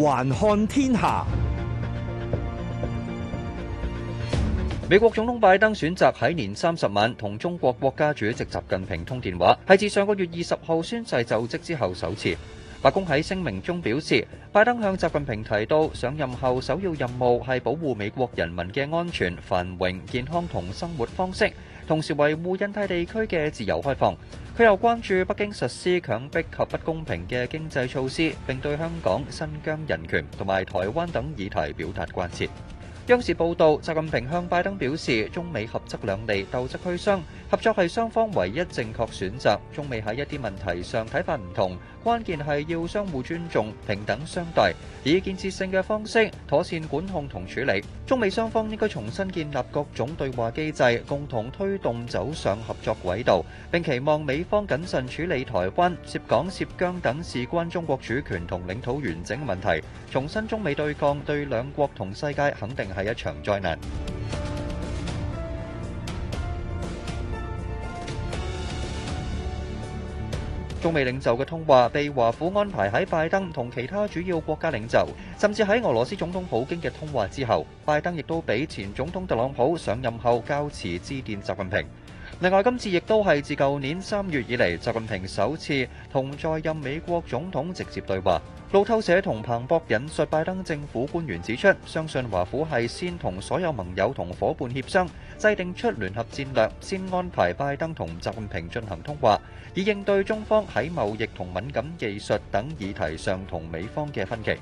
環看天下。美國總統拜登選擇喺年三十晚同中國國家主席習近平通電話，係自上個月二十號宣誓就職之後首次。白宮喺聲明中表示，拜登向習近平提到上任後首要任務係保護美國人民嘅安全、繁榮、健康同生活方式同時，維護印太地區嘅自由開放，佢又關注北京實施強迫及不公平嘅經濟措施，並對香港、新疆人權同埋台灣等議題表達關切。央視報道，習近平向拜登表示，中美合則兩利，鬥則俱傷，合作係雙方唯一正確選擇。中美喺一啲問題上睇法唔同，關鍵係要相互尊重、平等相待，以建設性嘅方式妥善管控同處理。中美雙方應該重新建立各種對話機制，共同推動走上合作軌道，並期望美方謹慎處理台灣、涉港、涉疆等事關中國主權同領土完整嘅問題。重申中美對抗對兩國同世界肯定係。係一場災難。中美領袖嘅通話被華府安排喺拜登同其他主要國家領袖，甚至喺俄羅斯總統普京嘅通話之後，拜登亦都俾前總統特朗普上任後，較遲致電習近平。另外,今次亦都係自舊年三月以嚟,習近平首次同在任美國總統直接對話,路透社同彭博引述拜登政府官員指出,相信華府係先同所有盟友同伙伴協商,制定出聯合戰略,先安排拜登同習近平進行通話,以應對中方喺貿易同敏感技術等議題上同美方嘅分歧。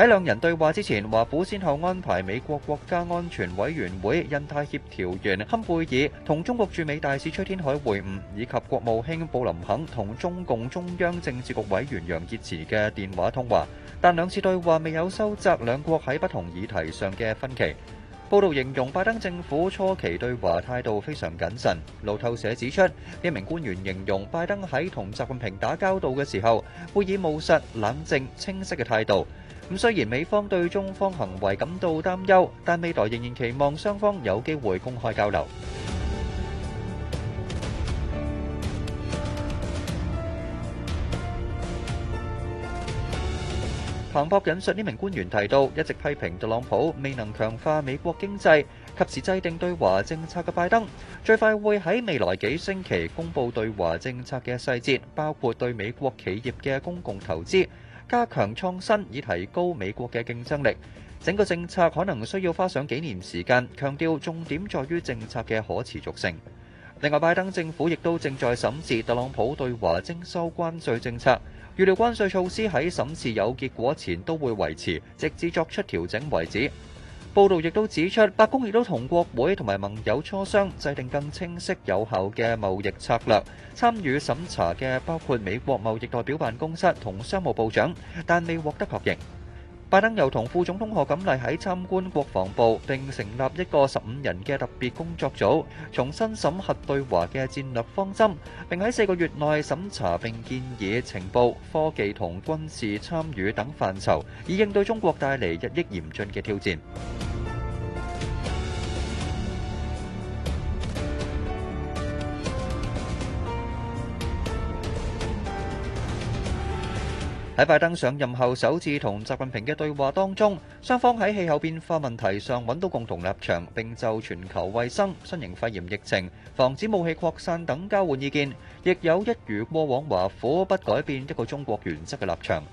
喺兩人對話之前，華府先後安排美國國家安全委員會印太協調員坎貝爾同中國駐美大使崔天凱會晤，以及國務卿布林肯同中共中央政治局委員楊潔篪嘅電話通話。但兩次對話未有收窄兩國喺不同議題上嘅分歧。報導形容拜登政府初期對華態度非常謹慎。路透社指出，一名官員形容拜登喺同習近平打交道嘅時候，會以務實、冷靜、清晰嘅態度。咁雖然美方對中方行為感到擔憂，但未來仍然期望雙方有機會公開交流。加強創新以提高美國嘅競爭力，整個政策可能需要花上幾年時間。強調重點在於政策嘅可持續性。另外，拜登政府亦都正在審視特朗普對華徵收關稅政策，預料關稅措施喺審視有結果前都會維持，直至作出調整為止。報道亦都指出，白宮亦都同國會同埋盟友磋商，制定更清晰有效嘅貿易策略。參與審查嘅包括美國貿易代表辦公室同商務部長，但未獲得確認。拜登又同副總統賀錦麗喺參觀國防部並成立一個十五人嘅特別工作組，重新審核對華嘅戰略方針，並喺四個月內審查，並建議情報、科技同軍事參與等範疇，以應對中國帶嚟日益嚴峻嘅挑戰。在拜登上任後首次同習近平的對話當中，雙方喺氣候變遷問題上搵到共同立場，並就全球衛生、新冠肺炎疫情，防止無氣擴散等高換意見，亦有一語呼和呼不改變一個中國原則的立場。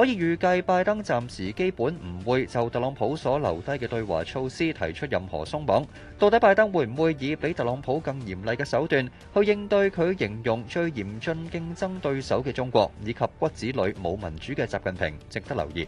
可以預計，拜登暫時基本唔會就特朗普所留低嘅對華措施提出任何鬆綁。到底拜登會唔會以比特朗普更嚴厲嘅手段去應對佢形容最嚴峻競爭對手嘅中國，以及骨子裡冇民主嘅習近平，值得留意。